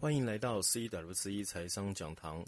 歡迎來到 C W C 一財商講堂。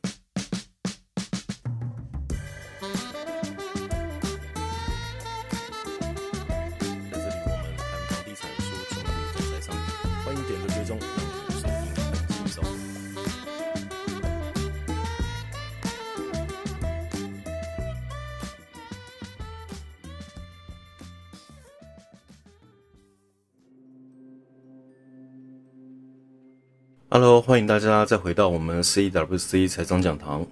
Hello，歡迎大家再回到我們 CWC 財商講堂。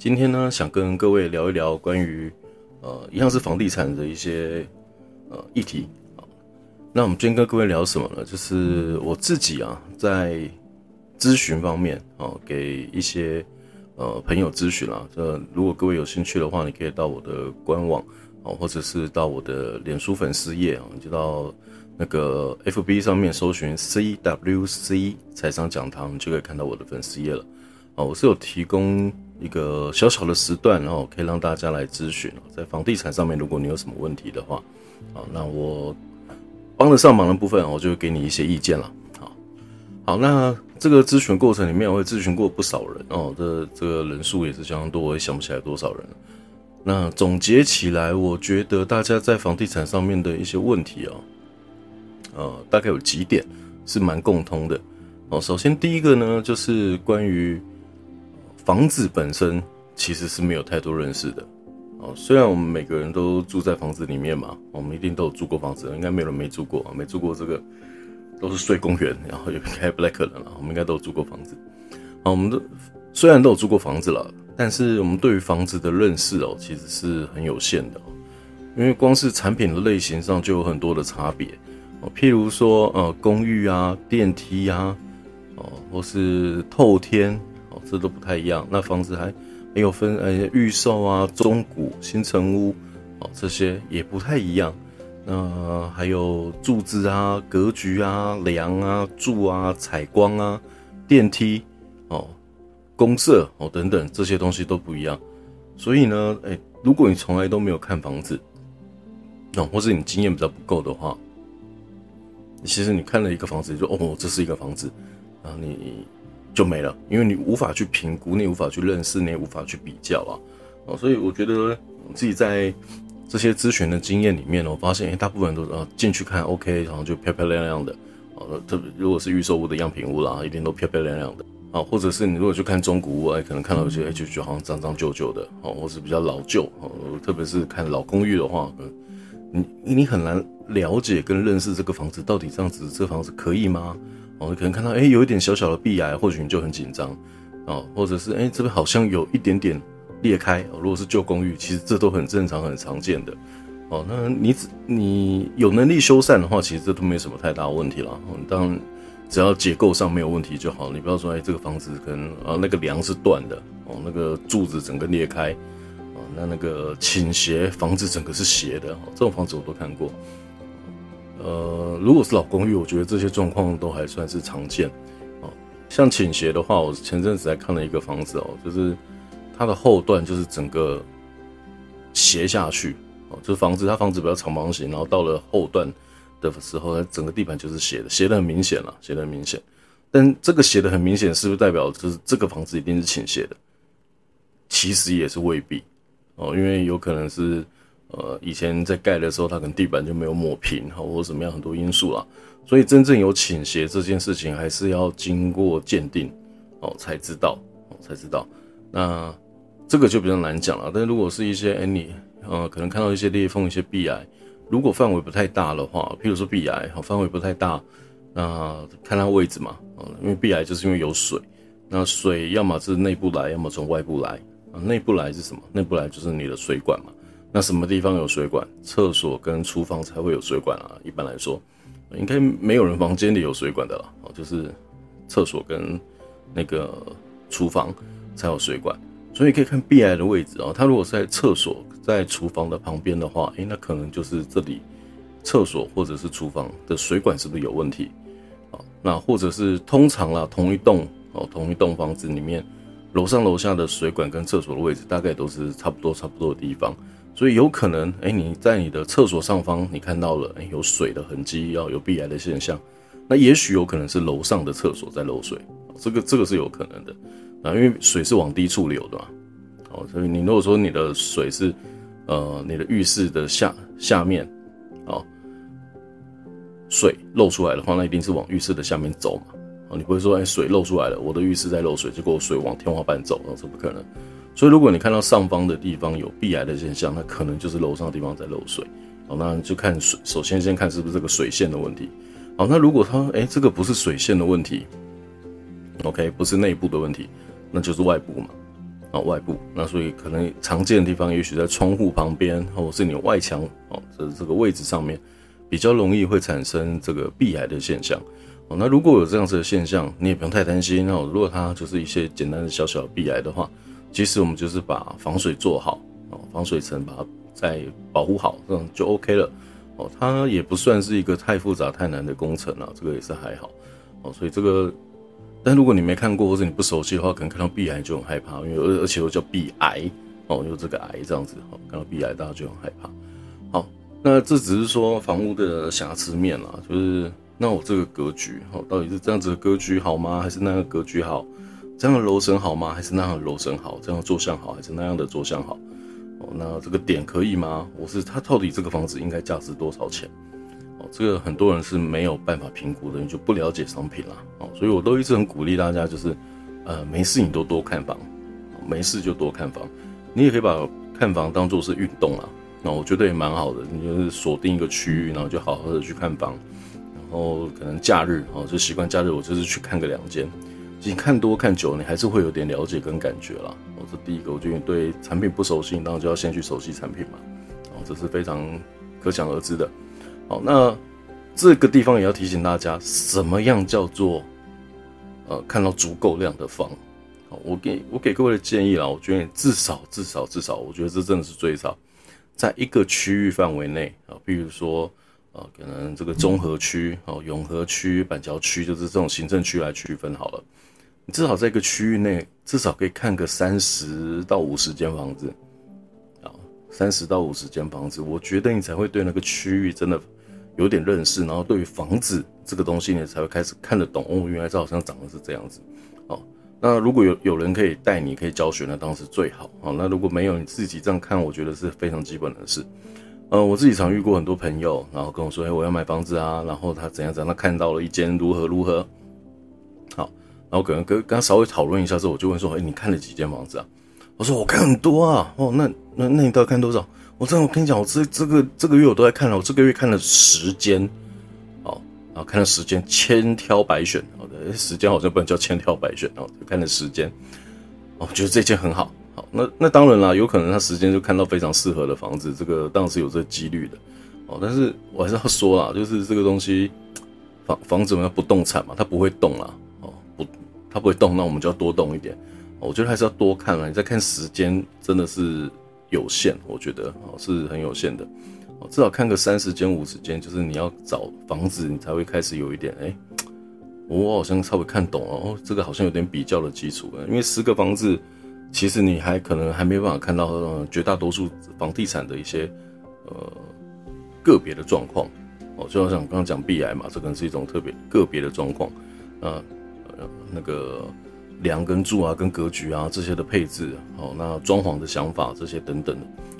今天呢，想跟各位聊一聊關於呃，一樣是房地產的一些呃議題啊。那我們今天跟各位聊什麼呢？就是我自己啊，在諮詢方面啊、哦，給一些呃朋友諮詢啊，這如果各位有興趣的話，你可以到我的官網啊，或者是到我的臉書粉絲頁啊，你就到。那個 F B 上面搜尋 C W C 財商講堂，你就可以看到我的粉絲頁了。啊、哦，我是有提供一個小小的時段，然、哦、後可以讓大家來諮詢。在房地產上面，如果你有什麼問題的話，啊、哦，那我幫得上忙的部分，我、哦、就會給你一些意見了。好，好，那這個諮詢過程裡面，我也諮詢過不少人哦，這這個人數也是相當多，我也想不起來多少人。那總結起來，我覺得大家在房地產上面的一些問題啊。呃，大概有幾點是蠻共通的哦。首先，第一個呢，就是關於房子本身，其實是沒有太多認識的哦。雖然我們每個人都住在房子裡面嘛，我們一定都有住過房子，應該沒有人沒住過啊。沒住過這個都是睡公園，然後也應該不太可能了。我們應該都有住過房子啊，哦。我們都，雖然都有住過房子了，但是我們對於房子的認識哦，其實是很有限的，因為光是產品的類型上就有很多的差別。哦，譬如說，呃，公寓啊，電梯啊，哦、呃，或是透天，哦、呃，這都不太一樣。那房子還還有分，呃，預售啊，中古、新成屋，哦、呃，這些也不太一樣。那還有柱子啊，格局啊，梁啊，柱啊，採光啊，電梯，哦、呃，公設，哦、呃，等等這些東西都不一樣。所以呢，哎，如果你從來都沒有看房子，哦、呃，或是你經驗比較不夠的話，其實你看了一個房子，你就哦，這是一個房子，然後你，你就沒了，因為你無法去評估，你無法去認識，你也無法去比較啊。哦，所以我覺得自己在這些諮詢的經驗裡面，我發現、欸、大部分都是進去看 OK，然後就漂漂亮亮的，呃，特別如果是預售屋的樣品屋啦，一定都漂漂亮亮的，啊，或者是你如果去看中古屋啊、欸，可能看到有些哎就好像髒髒舊舊的，哦，或是比較老舊，哦，特別是看老公寓的話。嗯你你很難了解跟認識這個房子到底這樣子，這房子可以嗎？哦，可能看到哎、欸、有一點小小的壁癌，或許你就很緊張，哦，或者是哎、欸、這邊好像有一點點裂開。哦、如果是舊公寓，其實這都很正常、很常見的。哦，那你你有能力修繕的話，其實這都沒什麼太大問題啦、哦。當然，只要結構上沒有問題就好。你不要說哎、欸、這個房子可能啊那個梁是斷的，哦，那個柱子整個裂開。那那個傾斜房子，整個是斜的，哦。這種房子我都看過。呃，如果是老公寓，我覺得這些狀況都還算是常見。哦，像傾斜的話，我前陣子還看了一個房子哦，就是它的後段就是整個斜下去。哦，就是房子它房子比較長方形，然後到了後段的時候，它整個地板就是斜的，斜的很明顯了，斜的很明顯。但這個斜的很明顯，是不是代表就是這個房子一定是傾斜的？其實也是未必。哦，因為有可能是，呃，以前在蓋的時候，它可能地板就沒有抹平哈，或者怎麼樣，很多因素啦，所以真正有傾斜這件事情，還是要經過鑑定哦、呃、才知道，哦、呃、才知道。那這個就比較難講了。但是如果是一些哎、欸、你，呃，可能看到一些裂縫、一些壁癌，如果範圍不太大的話，譬如說壁癌哈，範圍不太大，那、呃、看它位置嘛，啊、呃，因為壁癌就是因為有水，那水要麼是內部來，要麼從外部來。啊，內部來是什麼？內部來就是你的水管嘛。那什麼地方有水管？廁所跟廚房才會有水管啊。一般來說，應該沒有人房間裡有水管的了。哦、啊，就是廁所跟那個廚房才有水管。所以可以看 B I 的位置哦、啊。它如果是在廁所在廚房的旁邊的話，誒，那可能就是這裡廁所或者是廚房的水管是不是有問題啊？那或者是通常啦，同一棟哦、啊，同一棟房子裡面。樓上樓下的水管跟廁所的位置大概都是差不多差不多的地方，所以有可能哎，你在你的廁所上方你看到了誒有水的痕跡，要有壁癌的現象，那也許有可能是樓上的廁所在漏水，這個這個是有可能的啊，因為水是往低處流的嘛哦，所以你如果說你的水是呃你的浴室的下下面，哦，水漏出來的話，那一定是往浴室的下面走嘛。你不會說哎、欸，水漏出來了，我的浴室在漏水，結果水往天花板走了，這不可能。所以，如果你看到上方的地方有壁癌的現象，那可能就是樓上的地方在漏水。好，那就看水，首先先看是不是這個水線的問題。好，那如果它哎、欸，這個不是水線的問題，OK，不是內部的問題，那就是外部嘛。啊，外部，那所以可能常見的地方也許在窗戶旁邊，或者是你的外牆哦，這、就是、這個位置上面比較容易會產生這個壁癌的現象。哦、那如果有這樣子的現象，你也不用太擔心。那、哦、如果它就是一些簡單的小小的壁癌的話，其實我們就是把防水做好，哦、防水層把它再保護好，這樣就 OK 了哦。它也不算是一個太複雜、太難的工程了，啊，這個也是還好哦。所以這個，但如果你沒看過或者你不熟悉的話，可能看到壁癌就很害怕，因為而且又叫壁癌哦，有這個癌這樣子，哦、看到壁癌大家就很害怕。好，那這只是說房屋的瑕疵面啊，就是。那我這個格局到底是這樣子的格局好嗎？還是那個格局好？這樣的樓層好嗎？還是那樣的樓層好？這樣的坐向好，還是那樣的坐向好？哦，那這個點可以嗎？我是他，到底這個房子應該價值多少錢？哦，這個很多人是沒有辦法評估的，你就不了解商品了啊。所以，我都一直很鼓勵大家，就是呃，沒事你都多看房，沒事就多看房，你也可以把看房當做是運動啊。那我覺得也蠻好的，你就是鎖定一個區域，然後就好好的去看房。然後可能假日哦，就習慣假日，我就是去看個兩間。你看多看久，你還是會有點了解跟感覺了。哦，這第一個，我覺得你對產品不熟悉，你當然就要先去熟悉產品嘛。哦，這是非常可想而知的。好，那這個地方也要提醒大家，什麼樣叫做呃看到足夠量的房？好，我給我給各位的建議啊，我覺得至少至少至少，我覺得這真的是最少，在一個區域範圍內啊，比如說。啊、哦，可能這個中和區、好、哦、永和區、板橋區，就是這種行政區來區分好了。你至少在一個區域內，至少可以看個三十到五十間房子，啊、哦，三十到五十間房子，我覺得你才會對那個區域真的有點認識，然後對於房子這個東西你才會開始看得懂哦。原來這好像長得是這樣子。好、哦，那如果有有人可以帶你、可以教學呢，那當時最好。好、哦，那如果沒有，你自己這樣看，我覺得是非常基本的事。嗯、呃，我自己常遇過很多朋友，然後跟我說：“哎、欸，我要買房子啊。”然後他怎樣怎樣，他看到了一間如何如何。好，然後可能跟跟他稍微討論一下之後，我就問說：“哎、欸，你看了幾間房子啊？”我說：“我看很多啊。”哦，那那那你到底看多少？我真的，我跟你講，我這這個這個月我都在看了，我這個月看了十間，好，然後看了十間，千挑百選，好的，十間好像不能叫千挑百選，然後看了十間，我覺得這間很好。那那當然啦，有可能他時間就看到非常適合的房子，這個當然是有這個幾率的哦、喔。但是我還是要說啦，就是這個東西，房房子我們要不動產嘛，它不會動啦，哦、喔、不，它不會動，那我們就要多動一點。喔、我覺得還是要多看啦，你再看時間真的是有限，我覺得哦、喔、是很有限的哦、喔，至少看個三十間五十間，就是你要找房子，你才會開始有一點，哎、欸，我好像稍微看懂了哦、喔，這個好像有點比較的基礎，因為十個房子。其實你還可能還沒辦法看到、呃、絕大多數房地產的一些呃個別的狀況哦，就好像剛剛講壁癌嘛，這個、可能是一種特別個別的狀況。呃，那個樑跟柱啊，跟格局啊這些的配置，好、哦，那裝潢的想法這些等等，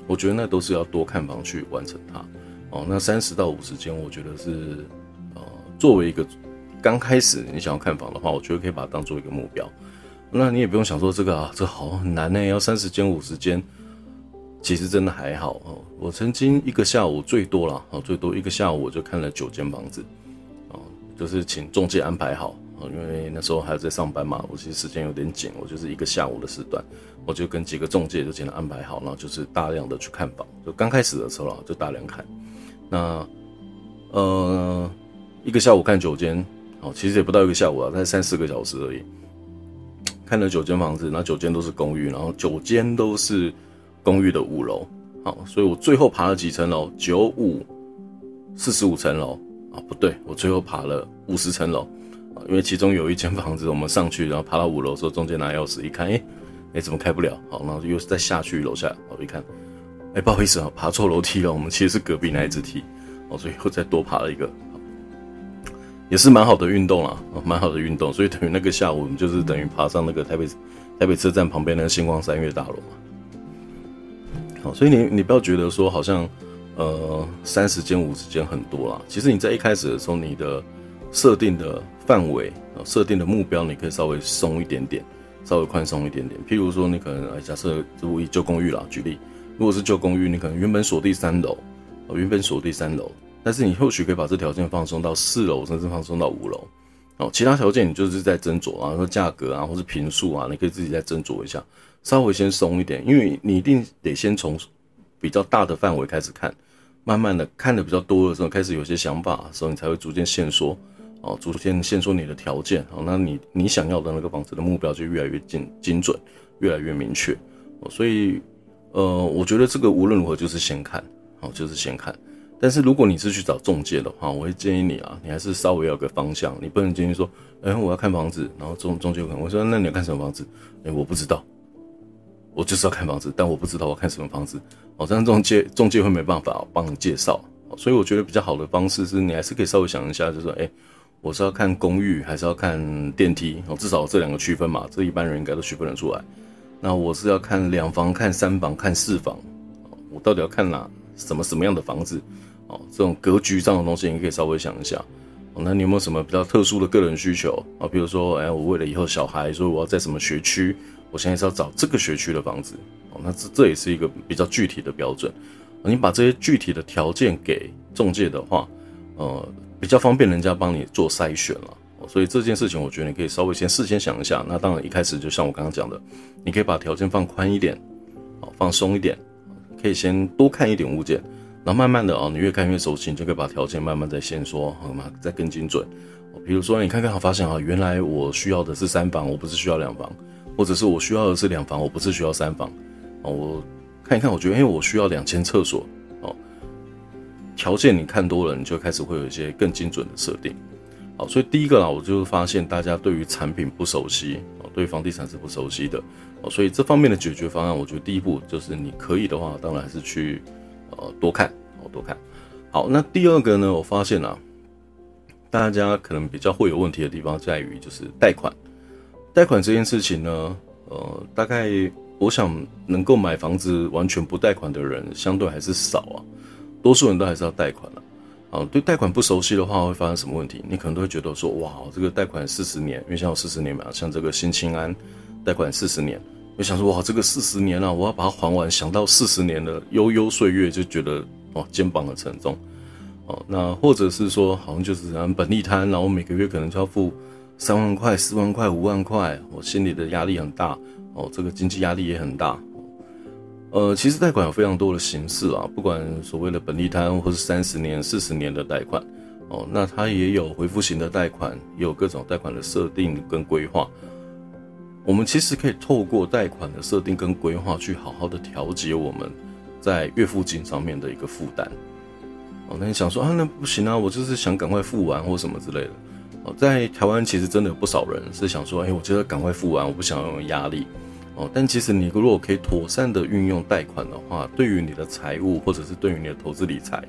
我覺得那都是要多看房去完成它。哦，那三十到五十間，我覺得是呃作為一個剛開始你想要看房的話，我覺得可以把它當做一個目標。那你也不用想說這個啊，這好難呢，欸，要三十間五十間，其實真的還好哦。我曾經一個下午最多啦，哦，最多一個下午我就看了九間房子，哦，就是請中介安排好，哦，因為那時候還在上班嘛，我其實時間有點緊，我就是一個下午的時段，我就跟幾個中介就簡單安排好，然後就是大量的去看房，就剛開始的時候就大量看。那呃，一個下午看九間，哦，其實也不到一個下午啊，大概三四個小時而已。看了九間房子，那九間都是公寓，然後九間都是公寓的五樓。好，所以我最後爬了幾層樓，九五四十五層樓啊，不對，我最後爬了五十層樓啊，因為其中有一間房子我們上去，然後爬到五樓的時候，中間拿鑰匙一看，哎、欸、哎、欸、怎麼開不了？好，然後又再下去樓下，好一看，哎、欸、不好意思啊，爬錯樓梯了，我們其實是隔壁那一支梯，哦，所以又再多爬了一個。也是蠻好的運動了，蠻好的運動，所以等於那個下午，我們就是等於爬上那個台北台北車站旁邊那個新光三越大樓嘛。好，所以你你不要覺得說好像呃三十間五十間很多了，其實你在一開始的時候，你的設定的範圍啊，設定的目標，你可以稍微鬆一點點，稍微寬鬆一點點。譬如說，你可能假設住一舊公寓啦，舉例，如果是舊公寓，你可能原本鎖定三樓，原本鎖定三樓。但是你後續可以把這條件放鬆到四樓，甚至放鬆到五樓，哦，其他條件你就是在斟酌啊，說價格啊，或是平數啊，你可以自己再斟酌一下，稍微先鬆一點，因為你一定得先從比較大的範圍開始看，慢慢的看的比較多的時候，開始有些想法的時候，你才會逐漸限縮，哦，逐漸限縮你的條件，哦，那你你想要的那個房子的目標就越來越精精準，越來越明確，啊，所以，呃，我覺得這個無論如何就是先看，哦，就是先看。但是如果你是去找中介的話，我會建議你啊，你還是稍微要有個方向，你不能建議說，哎，我要看房子，然後中中介看，我說那你要看什麼房子？哎，我不知道，我就是要看房子，但我不知道我要看什麼房子。哦，這樣中介中介會沒辦法幫你介紹，哦。所以我覺得比較好的方式是你還是可以稍微想一下，就是說哎，我是要看公寓，還是要看電梯？哦，至少有這兩個區分嘛，這一般人應該都區分得出來。那我是要看兩房、看三房、看四房，哦，我到底要看哪什麼什麼樣的房子？哦，這種格局這樣的東西，你可以稍微想一下。哦，那你有沒有什麼比較特殊的個人需求啊？比如說，哎、欸，我為了以後小孩，所以我要在什麼學區，我現在是要找這個學區的房子。哦，那這這也是一個比較具體的標準。你把這些具體的條件給仲介的話，呃，比較方便人家幫你做篩選了。所以這件事情，我覺得你可以稍微先事先想一下。那當然一開始就像我剛剛講的，你可以把條件放寬一點，放鬆一點，可以先多看一點物件。然後慢慢的啊，你越看越熟悉，你就可以把條件慢慢再限縮好嗎？再更精準。比如說你看看，發現啊，原來我需要的是三房，我不是需要兩房，或者是我需要的是兩房，我不是需要三房。啊，我看一看，我覺得，哎，我需要兩間廁所哦。條件你看多了，你就開始會有一些更精準的設定。好，所以第一個啊，我就發現大家對於產品不熟悉啊，對於房地產是不熟悉的。所以這方面的解決方案，我覺得第一步就是你可以的話，當然還是去。呃，多看，好多看好。那第二個呢？我發現啊，大家可能比較會有問題的地方在於，就是貸款。貸款這件事情呢，呃，大概我想能夠買房子完全不貸款的人，相對還是少啊。多數人都還是要貸款了，啊。啊，對貸款不熟悉的話，會發生什麼問題？你可能都會覺得說，哇，這個貸款四十年，因為像我四十年嘛，像這個新青安貸款四十年。就想說哇，這個四十年了、啊，我要把它還完。想到四十年的悠悠歲月，就覺得哦，肩膀很沉重。哦，那或者是說，好像就是啊，本利攤，然後每個月可能就要付三萬塊、四萬塊、五萬塊，我、哦、心裡的壓力很大。哦，這個經濟壓力也很大。呃，其實貸款有非常多的形式啊，不管所謂的本利攤，或是三十年、四十年的貸款，哦，那它也有回復型的貸款，也有各種貸款的設定跟規劃。我們其實可以透過貸款的設定跟規劃，去好好的調節我們在月付金上面的一個負擔。哦，那你想說啊，那不行啊，我就是想趕快付完或什麼之類的。哦，在台灣其實真的有不少人是想說，哎，我覺得趕快付完，我不想要有壓力。哦，但其實你如果可以妥善的運用貸款的話，對於你的財務或者是對於你的投資理財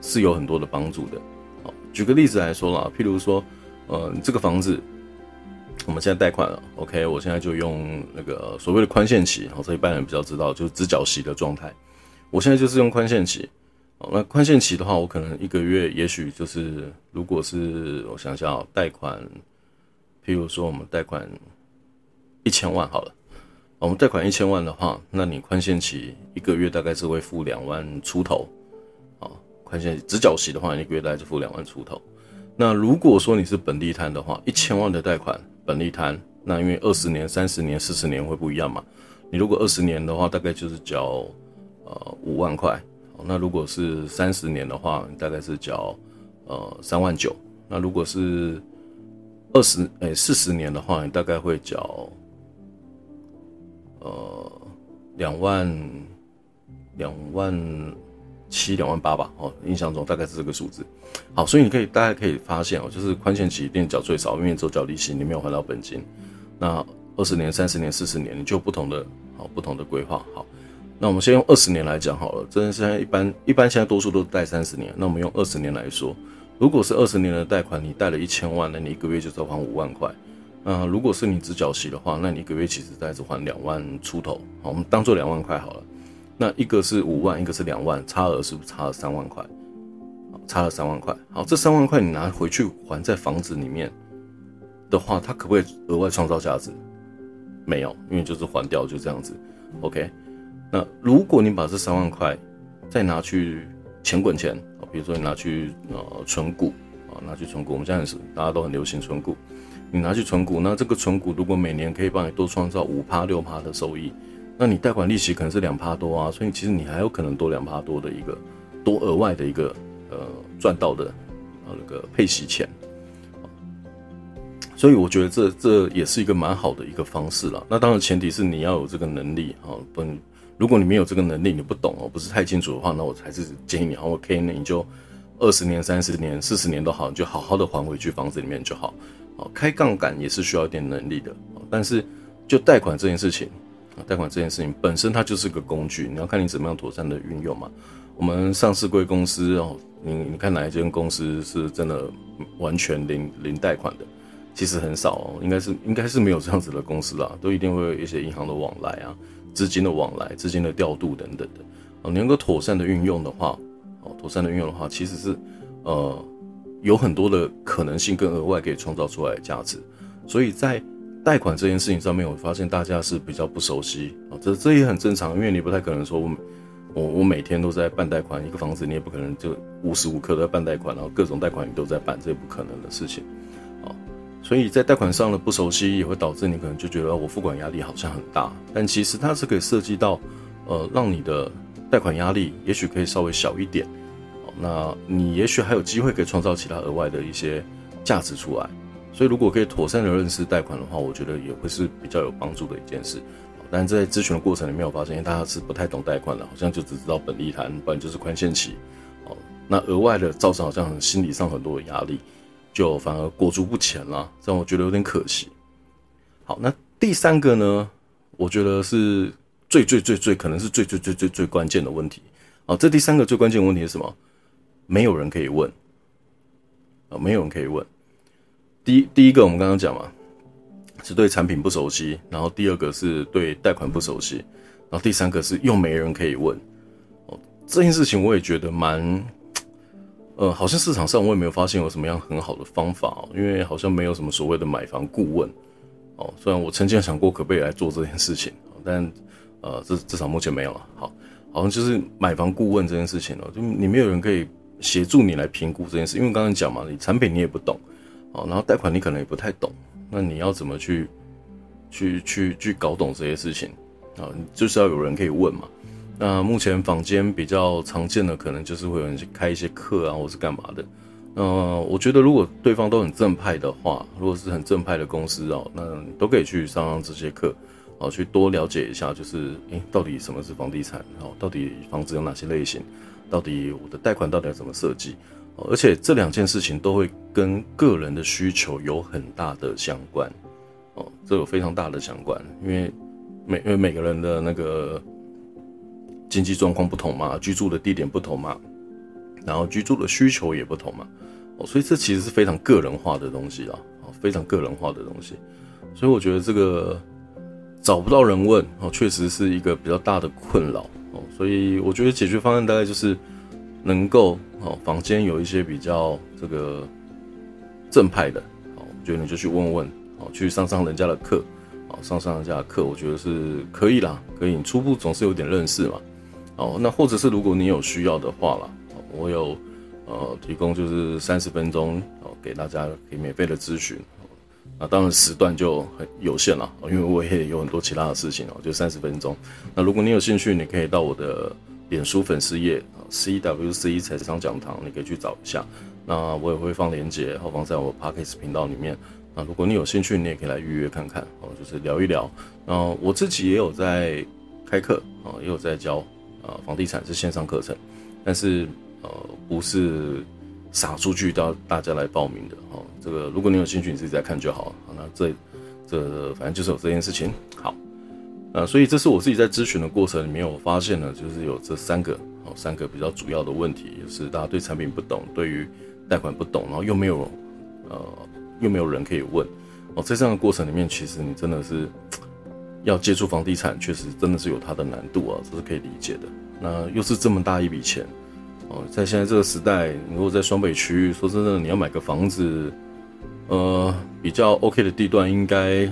是有很多的幫助的。哦，舉個例子來說啦，譬如說，呃，你這個房子。我們現在貸款了，OK，我現在就用那個所謂的寬限期，哦，所以一般人比較知道，就是只繳息的狀態。我現在就是用寬限期，那寬限期的話，我可能一個月，也許就是，如果是我想想，貸款，譬如說我們貸款一千萬好了，我們貸款一千萬的話，那你寬限期一個月大概是會付兩萬出頭，啊，寬限期只繳息的話，一個月大概是付兩萬出頭。那如果說你是本利攤的話，一千萬的貸款。本利攤，那因為二十年、三十年、四十年會不一樣嘛。你如果二十年的話，大概就是繳呃五萬塊。那如果是三十年的話，大概是繳呃三萬九。那如果是二十誒四十年的話，你大概會繳呃兩萬兩萬。2萬七兩萬八吧，哦，印象中大概是這個數字。好，所以你可以，大概可以發現哦，就是寬限期一定繳最少，因為你做繳利息，你沒有還到本金。那二十年、三十年、四十年，你就不同的好，不同的規劃。好，那我們先用二十年來講好了。真的現在一般，一般現在多數都是貸三十年。那我們用二十年來說，如果是二十年的貸款，你貸了一千萬，那你一個月就只還五萬塊。那如果是你只繳息的話，那你一個月其實只還兩萬出頭。好，我們當做兩萬塊好了。那一個是五萬，一個是兩萬，差額是不是差了三萬塊？差了三萬塊。好，這三萬塊你拿回去還在房子裡面的話，它可不可以額外創造價值？沒有，因為就是還掉就這樣子。OK。那如果你把這三萬塊再拿去錢滾錢，啊，比如說你拿去、呃、存股、啊，拿去存股，我們現在是大家都很流行存股。你拿去存股，那這個存股如果每年可以幫你多創造五趴六趴的收益。那你貸款利息可能是兩趴多啊，所以其實你還有可能多兩趴多的一個多額外的一個呃賺到的啊，那、呃這個配息錢，所以我覺得這這也是一個蠻好的一個方式了。那當然前提是你要有這個能力啊。本、哦、如果你沒有這個能力，你不懂哦，不是太清楚的話，那我還是建議你啊，我可以，OK, 你就二十年、三十年、四十年都好，你就好好的還回去房子裡面就好。好、哦，開槓桿也是需要一點能力的，哦、但是就貸款這件事情。貸款這件事情本身它就是個工具，你要看你怎麼樣妥善的運用嘛。我們上市櫃公司哦，你你看哪一間公司是真的完全零零貸款的，其實很少哦，應該是應該是沒有這樣子的公司啦，都一定會有一些銀行的往來啊，資金的往來、資金的調度等等的。哦，你能夠妥善的運用的話，哦，妥善的運用的話，其實是呃有很多的可能性跟額外可以創造出來的價值，所以在。貸款這件事情上面，我發現大家是比較不熟悉啊、哦，這這也很正常，因為你不太可能說我，我我我每天都在辦貸款，一個房子你也不可能就無時無刻都在辦貸款，然後各種貸款你都在辦，這也不可能的事情啊、哦。所以在貸款上的不熟悉，也會導致你可能就覺得我付款壓力好像很大，但其實它是可以涉及到，呃，讓你的貸款壓力也許可以稍微小一點，哦、那你也許還有機會可以創造其他額外的一些價值出來。所以，如果可以妥善的認識貸款的話，我覺得也會是比較有幫助的一件事。但是，在諮詢的過程裡面，我發現因為大家是不太懂貸款的，好像就只知道本利攤，不然就是寬限期，哦，那額外的造成好像心理上很多的壓力，就反而裹足不前了，讓我覺得有點可惜。好，那第三個呢，我覺得是最最最最可能是最最最最最，最關鍵的問題。好，這第三個最關鍵的問題是什麼？沒有人可以問，啊、哦，沒有人可以問。第第一個，我們剛剛講嘛，是對產品不熟悉，然後第二個是對貸款不熟悉，然後第三個是又沒人可以問哦，這件事情我也覺得蠻，呃，好像市場上我也沒有發現有什麼樣很好的方法哦，因為好像沒有什麼所謂的買房顧問哦，雖然我曾經想過可不可以來做這件事情，但呃，至至少目前沒有了。好，好像就是買房顧問這件事情哦，就你沒有人可以協助你來評估這件事，因為剛剛講嘛，你產品你也不懂。哦，然後貸款你可能也不太懂，那你要怎麼去，去去去搞懂這些事情啊？就是要有人可以問嘛。那目前坊間比較常見的，可能就是會有人去開一些課啊，或是幹嘛的。嗯，我覺得如果對方都很正派的話，如果是很正派的公司哦、啊，那你都可以去上上這些課，啊，去多了解一下，就是誒，到底什麼是房地產？哦，到底房子有哪些類型？到底我的貸款到底要怎麼設計？而且這兩件事情都會跟個人的需求有很大的相關，哦，這有非常大的相關，因為每因為每個人的那個經濟狀況不同嘛，居住的地點不同嘛，然後居住的需求也不同嘛，哦，所以這其實是非常個人化的東西啊，哦，非常個人化的東西，所以我覺得這個找不到人問哦，確實是一個比較大的困擾哦，所以我覺得解決方案大概就是能夠。哦，房仲有一些比較這個正派的，好，我覺得你就去問問，好，去上上人家的課，好，上上人家的課，我覺得是可以啦，可以，你初步總是有點認識嘛。哦，那或者是如果你有需要的話啦，我有呃提供就是三十分鐘，給大家可以免費的諮詢，那當然時段就很有限了，因為我也有很多其他的事情哦，就三十分鐘。那如果你有興趣，你可以到我的。臉書粉絲頁啊，CWC 財商講堂，你可以去找一下。那我也會放鏈接，然後放在我的 Podcast 頻道裡面。那如果你有興趣，你也可以來預約看看哦，就是聊一聊。然後我自己也有在開課啊，也有在教啊，房地產是線上課程，但是呃不是撒出去到大家來報名的哦。這個如果你有興趣，你自己再看就好。好，那這這反正就是有這件事情。啊，所以這是我自己在諮詢的過程裡面，我發現呢，就是有這三個哦，三個比較主要的問題，就是大家對產品不懂，對於貸款不懂，然後又沒有，呃，又沒有人可以問，哦，在這樣的過程裡面，其實你真的是要接觸房地產，確實真的是有它的難度啊，這是可以理解的。那又是這麼大一筆錢，哦，在現在這個時代，如果在雙北區域，說真的，你要買個房子，呃，比較 OK 的地段應該。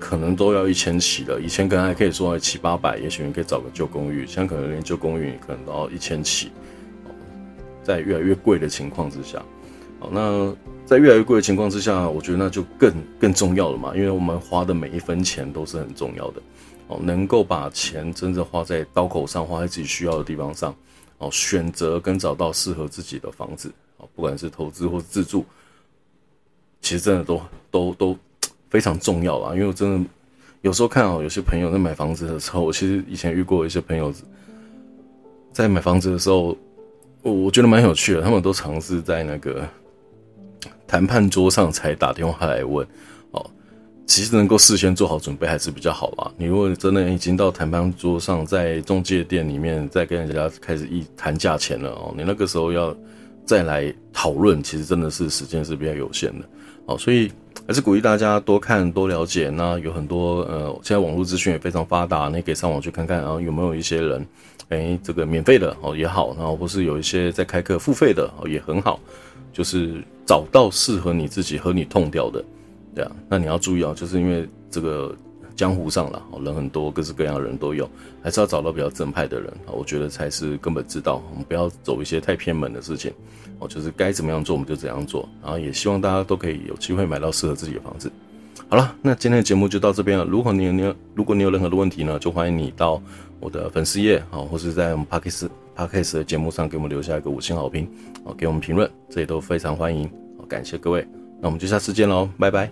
可能都要一千起了，以前可能還可以說七八百，也許你可以找個舊公寓，現在可能連舊公寓也可能都要一千起。在越來越貴的情況之下，那在越來越貴的情況之下，我覺得那就更更重要了嘛，因為我們花的每一分錢都是很重要的。哦，能夠把錢真的花在刀口上，花在自己需要的地方上，哦，選擇跟找到適合自己的房子，啊，不管是投資或自住，其實真的都都都。都非常重要啦，因為我真的有時候看哦，有些朋友在買房子的時候，我其實以前遇過一些朋友，在買房子的時候，我我覺得蠻有趣的，他們都嘗試在那個談判桌上才打電話來問哦。其實能夠事先做好準備還是比較好吧。你如果真的已經到談判桌上，在中介店裡面再跟人家開始一談價錢了哦，你那個時候要再來討論，其實真的是時間是比較有限的。好，所以還是鼓勵大家多看多了解。那有很多呃，現在網絡資訊也非常發達，你可以上網去看看，然後，啊，有沒有一些人，誒、欸，這個免費的哦也好，然後或是有一些在開課付費的哦也很好，就是找到適合你自己和你痛掉的，對啊。那你要注意啊，就是因為這個江湖上啦，人很多，各式各樣的人都有，還是要找到比較正派的人，我覺得才是根本之道。我們不要走一些太偏門的事情。就是該怎麼樣做，我們就怎樣做，然後也希望大家都可以有機會買到適合自己的房子。好了，那今天的節目就到這邊了。如果你有如果你有任何的問題呢，就歡迎你到我的粉絲頁啊，或是在我們 Podcast、Podcast 的節目上給我們留下一個五星好評給我們評論，這也都非常歡迎。好，感謝各位，那我們就下次見嘍，拜拜。